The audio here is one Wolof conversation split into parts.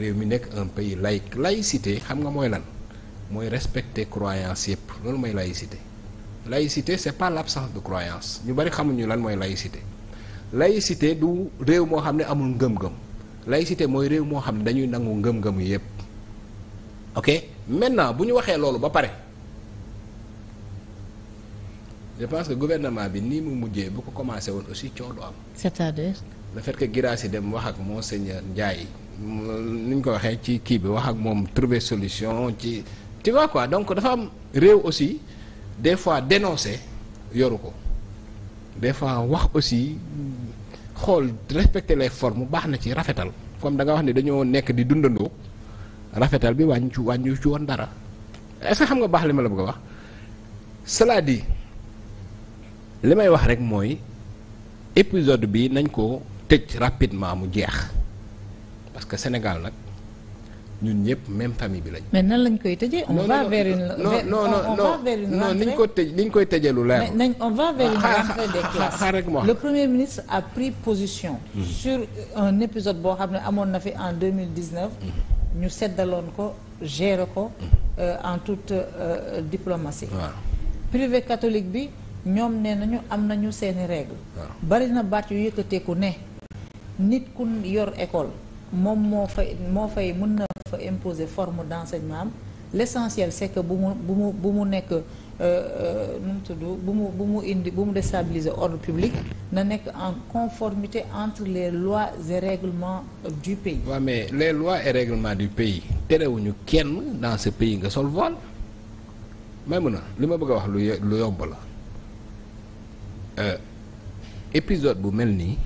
réew mi nekk un pays laïque laïcité xam nga mooy lan mooy respecter croyance yëpp loolu mooy laïcité laïcité c'est pas l'absence de croyance ñu bari xamuñu lan mooy laïcité laïcité du réew moo xam ne amul ngëm-ngëm laïcité mooy réew moo xam ne dañuy nangu ngëm-ngëm yëpp ok maintenant bu ñu waxee loolu ba pare je pense que gouvernement bi nii mu mujjee bu ko commencé woon aussi coow du am. la à dire le fait dem wax ak monseigneur Ndiaye. ni ñu ko waxee ci kii bi wax ak moom trouver solution ci tu vois quoi donc dafa am réew aussi des fois dénoncer yoru ko des fois wax aussi xool respecter les formes baax na ci rafetal comme da nga wax ne dañoo nekk di dundandoo rafetal bi wàññi ci wàññi ci woon dara est-ce que xam nga baax li ma la bëgg a wax cela dit li may wax rek mooy épisode bi nañ ko tëj rapidement mu jeex parce que Sénégal nag ñun ñëpp même famille bi lañ. mais nan lañ koy tëjee. on va vers une non non non ñu koy tëjee lu leer. nañ on va vers une ah, ah, rentrée des ah, classes. le premier ministre a pris position. Mhm. sur un épisode boo xam ne amoon na fi en deux mille dix neuf. Mhm. ñu seddaloon ko gérer ko mhm. euh, en toute euh, diplomatie. privé catholique bi ñoom nee nañu am nañu seeni règle. bari na baat yu yëkkateeku ne. nit ku yor école. moom moo fa moo fay mën na fa imposer forme d'enseignement am l'essentiel c'est que bu mu bu mu bu mu nekk euh, euh, nu mu mu mu indi bu mu déstabiliser ordre public na nekk en conformité entre les lois et règlements du pays. waaw mais les lois et règlements du pays terewuñu kenn dans ce pays nga sol voile may mun a li ma bëgg a wax lu yomb la euh, épisode bu mel nii.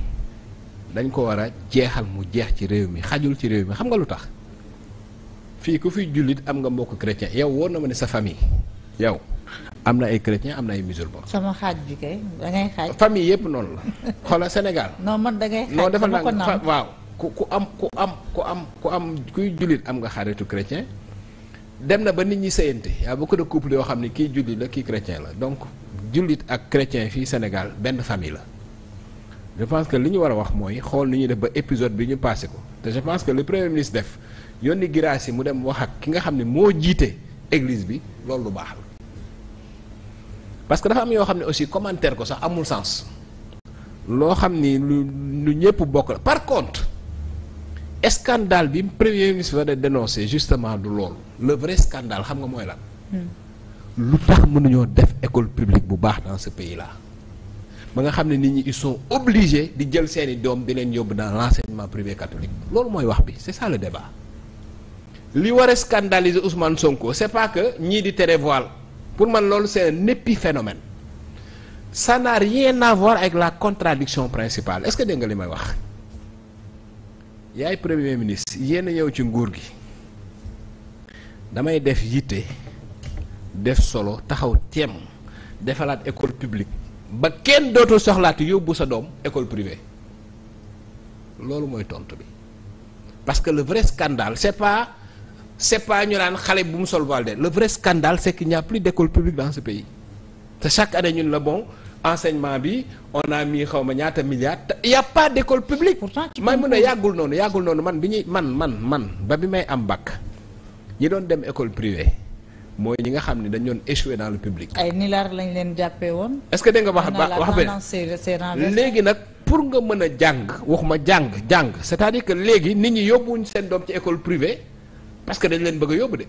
dañ ko war a jeexal mu jeex ci réew mi xajul ci réew mi xam nga lu tax fii ku fi jullit am nga mbokk chrétien yow woon na ma ne sa famille yow am na ay chrétien am na ay musulman sama xaaj bi kay da ngay xaaj. famille yëpp noonu la xoolal Sénégal. non man da ngay defal dama ko naan waaw ku am ku am ku am ku am kuy jullit am nga xaritu chrétien dem na ba nit ñi sëyante yaa beaucoup de couple yoo xam ne kii jullit la kii chrétien la donc jullit ak chrétien fii Sénégal benn famille la. je pense que li ñu war a wax mooy xool ni ñu def ba épisode bi ñu passé ko te je pense que le premier ministre def yónni Guirassy mu dem wax ak ki nga xam ne moo jiite église bi loolu lu baax la parce que dafa am yoo xam ne aussi commentaire ko sax amul sens loo xam ni lu lu ñëpp bokk la par contre scandale bi premier ministre va de dénoncer justement du loolu le vrai scandale xam nga mooy lan. Hmm. lu tax mënuñoo def école publique bu baax dans ce pays ba nga xam ne nit ñi ils sont obligés di jël seeni doom di leen yóbbu dans l'enseignement privé catholique loolu mooy wax bi c'est ça le débat li war a scandaliser Ousmane Sonko c'est pas que ñii di tere voile pour man loolu c'est un épiphénomène ça n'a rien à voir la contradiction principal est-ce que dégg nga li may wax yaay premier ministre yéen a ñëw ci nguur gi damay def yitte def solo taxaw teem defalaat école publique ba kenn dootul soxlaati yóbbu sa doom école privée loolu mooy tontu bi parce que le vrai scandale c'est pas c'est pas ñu naan xale bu mu sol valde le vrai scandale c'est qu'il n'y a plus d'école publique dans ce pays te chaque année ñun la bon enseignement bi on a mii xaw ma ñaata milliards te y a pas d'école publique. pourtant may mën a yàggul noonu yàggul noonu man bi ñuy man man man ba bi may am bac ñi doon dem école privée. mooy ñi nga xam ne dañ doon échoué dans le public. ay nilaar lañ leen jàppee woon. est-ce que dégg nga wax ba léegi nag pour nga mën a jàng waxuma jàng jàng cest à que léegi nit ñi yóbbuwuñ seen doom ci école privée parce que dañ leen bëgg a yóbbu de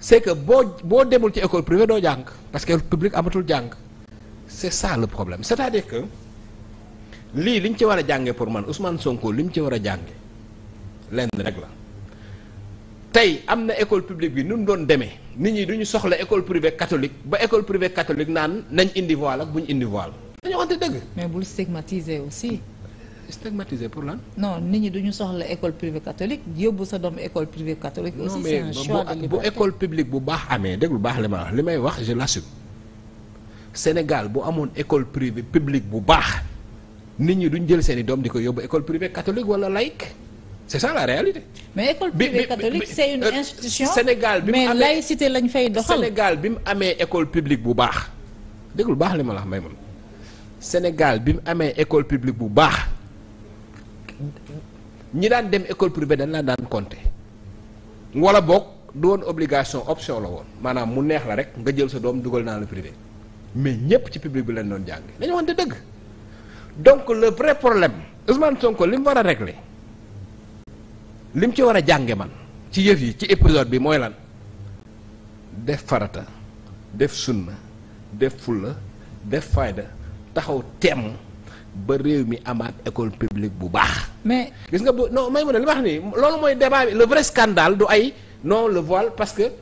c'est que boo boo demul ci école privée doo jàng parce que public amatul jàng c'est ça le problème c'est-à-dire que lii li ñu ci war a jàngee pour man Ousmane Sonko li mu ci war a jàngee lenn rek la. tey am na école publique bi nu nu doon demee nit ñi du ñu soxla école privée catholique ba école privée catholique naan nañ indi voile ak bu ñu indi voile. dañu waxante dëgg. mais bul stigmatiser aussi. stigmatisé pour lan. non nit ñi du ñu soxla école privée catholique yóbbu sa doom école privée catholique. aussi non, mais, c'est un bu école publique bu baax amee lu baax li ma wax li may wax je l'assume Sénégal bu amoon école privée publique bu baax nit ñi duñ jël seen i doom di ko yóbbu école privée catholique wala laïque. c'est ça la réalité. mais école privée catholique c'est une euh, institution. Sénégal bi mu amee mais laïcité lañ fay doxal. Sénégal bi mu amee école publique bu baax déglu baax li ma la wax may man Sénégal bi mu amee école publique bu baax ñi daan dem école privée dañ la daan compter wala boog du woon obligation option la woon maanaam mu neex la rek nga jël sa doom dugal naa la privé mais ñëpp ci public bi lañ doon jàngee dañu wante dëgg donc le vrai problème Ousmane Sonko li mu war a régler. lim ci war a jànge man ci yëf yi ci épisode bi mooy lan def farata def sunna def fulla def fayda taxaw tem ba réew mi amaat école publique bu baax. mais gis nga bu non may mu ne li wax nii loolu mooy débat bi le vrai scandale du ay non le voile parce que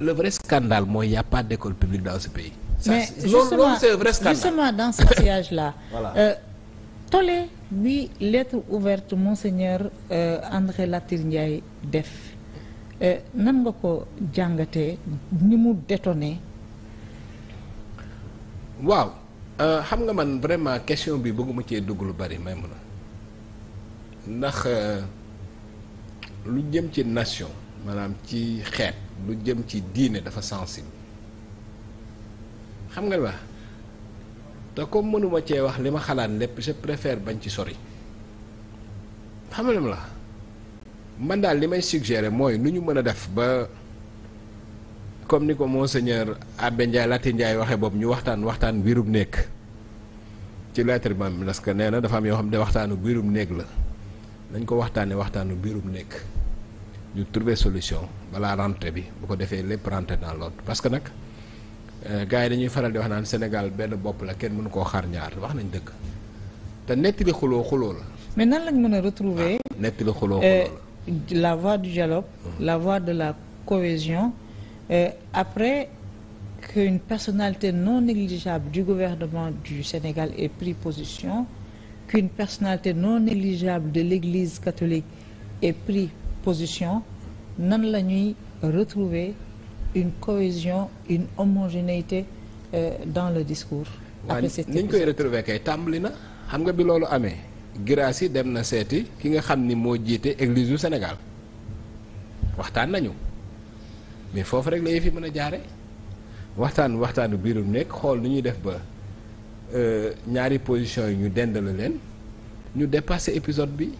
le vrai scandale mooy y a pas d' école publique dans ce pays. Ça, mais justement dans ce sillage là. voilà euh, bi lettre ouverte monseigneur euh, André Latir Ndiaye def euh, nan nga ko jàngate ni mu détonné. waaw euh, xam nga man vraiment question bi bëgguma cee dugg lu bari may mun a ndax lu jëm ci nation maanaam ci xeet lu jëm ci diine dafa sensible xam nga li te comme mënuma cee wax li ma xalaat lépp je préfère bañ ci sori xamalem la man daal li may suggérer mooy nu ñu mën a def ba comme ni ko monseigneur Abbé Ndiaye Latyr Ndiaye waxee boobu ñu waxtaan waxtaan biirub néeg ci lettre bi am parce que nee na dafa am yoo xam de waxtaanu biirum néeg la nañ ko waxtaanee waxtaanu biirub néeg ñu trouver solution balaa rentrée bi bu ko defee lépp rentré dans l'ordre parce que nag Euh, gars yi dañuy faral di wax naan Sénégal benn bopp la kenn mënu koo xaar ñaar wax nañ dëkk te nettali xuloo xuloo la. mais nan lañ mën a retrouver ah, nettali xuloo euh, xuloo la. la voie du dialogue. la voie de la cohésion euh, après. qu'une personnalité non négligeable du gouvernement du Sénégal ait pris position, qu'une personnalité non négligeable de l'Église catholique ait pris position, nan la ñuy retrouver une cohésion une homogénéité euh, dans le discours. après cette ni koy retrouver kay tàmbali na xam nga bi loolu amee. Girassi yi dem na seeti ki nga xam ni moo jiite église du Sénégal waxtaan nañu mais foofu rek la yëf mën a jaare waxtaan waxtaanu biirum nekk xool nu ñuy def ba euh, ñaari position yi ñu dendale leen ñu dépasser épisode bi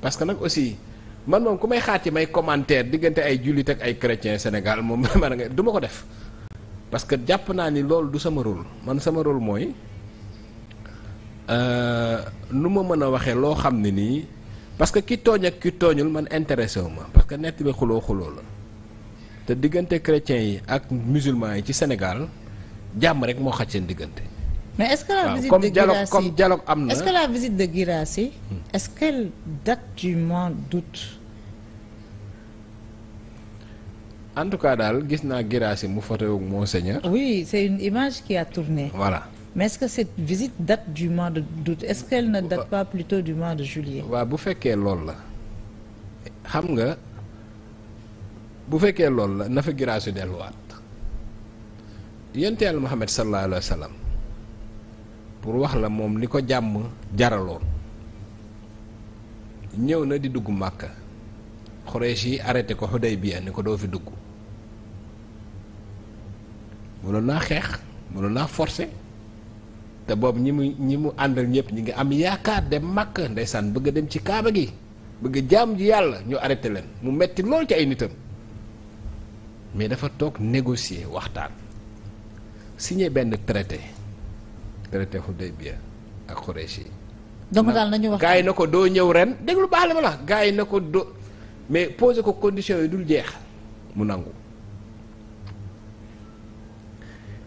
parce que nag aussi. man moom ku may xaati may commentaire diggante ay jullit ak ay chrétien Sénégal moom man nga du ma ko def parce que jàpp naa ni loolu du sama rôle man sama rôle mooy euh, nu ma mën a waxee loo xam ne nii parce que ki tooñ ak ki tooñul man intéressé wu ma parce que nett bi xuloo xuloo la te diggante chrétiens yi ak musulmans yi ci Sénégal jàmm rek moo xaj seen diggante. mais est-ce que la visite de Guirassy comme dialogue am na. est-ce que est-ce qu'elle date du mois d'août en tout cas daal gis naa Guirassy mu photo ak Monseigneur oui c'est une image qui a tourné voilà mais est-ce que cette visite date du mois pas plutôt du mois de juillet waa bu fekkee loolu la xam nga bu fekkee loolu la na fa Guirassy delluwaat yonent Yàlla Muhammad sallallahu alayhi pour wax la moom li ko jàmm jaraloon ñëw na di dugg Màkka Xuraysh yi arrêté ko Xudaybiya ni ko doo fi dugg mënoon naa xeex mënoon naa forcé te boobu ñi mu ñi mu àndal ñëpp ñi ngi am yaakaar dem Màkka ndeysaan bëgg dem ci Kaaba gi bëgg jaam ji yàlla ñu arrêté leen mu metti lool ci ay nitam mais dafa toog négocier waxtaan signé benn traité traité Xudaybiya ak Xuraysh yi donc daal nañu wax gars yi na ko doo ñëw ren déglu baax la ma la gars yi na ko doo mais posé ko condition yi dul jeex mu nangu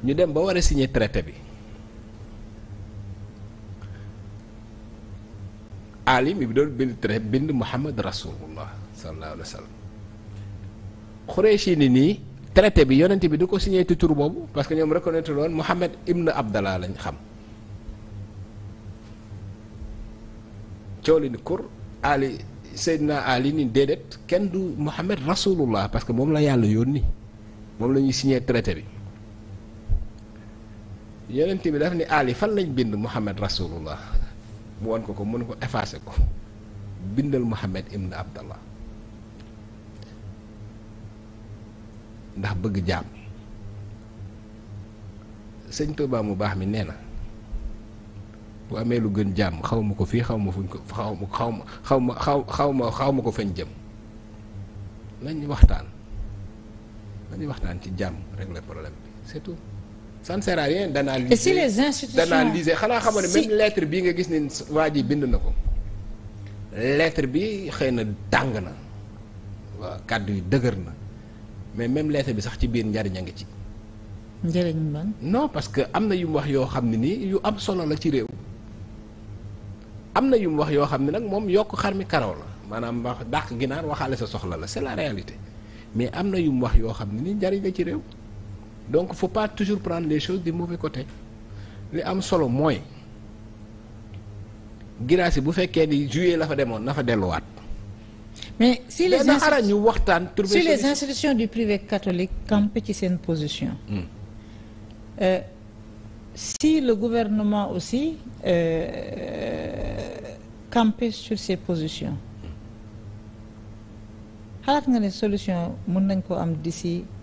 ñu dem ba war a signer traité bi alim bi doon bind traité bind Muhammad rasulullah sallallahu alayhi wa sallam Xureyshi ni nii traité bi yonent bi du ko signé ci tur boobu parce que ñoom reconnaître woon Muhammad ibn Abdallah lañu xam cooli ni kur ali na Ali ni déedéet kenn du Mouhamed rasulullah parce que moom la yàlla yónni moom lañuy ñuy signé traité bi yonent bi daf ni Ali fan lañ bind Mouhamed rasulullah mu won ko ko mënu ko effacé ko bindal Mouhamed ibn Abdallah ndax bëgg jaam sëñ Tuubaa mu baax mi nee na bu amee lu gën jàmm xaw ma ko fii xaw ma fuñ ko xaw ma xaw ma xaw ma xaw xaw ma xaw ma ko fañ jëm lañuy waxtaan nañ waxtaan ci jàmm régler problème bi c'est tout ça ne sert à rien d'analyser et xanaa xamoon ne même lettre bii nga gis ni waa ji bind na ko lettre bi xëy na tàng na waaw kàddu yi dëgër na mais même lettre bi sax ci biir njariñ a ngi ci njëriñ non parce que am na yu wax yoo xam ne nii yu am solo la ci réew am na yu wax yoo xam ne nag moom yokk xar mi karaw la maanaam wax dàq ginaar waxaale sa soxla la c'est la réalité mais am na yu wax yoo xam ne ni njariñ la ci réew donc faut pas toujours prendre les choses du mauvais côté li am solo mooy ginaar bu fekkee ni juillet la fa demoon na fa delluwaat. mais si les ara ñu waxtaan. si les institutions du privé catholique campent ci seen position. Hmm. Euh, si le gouvernement aussi euh, campait sur ses positions xalaat nga ne solution mën nañ ko am d'ici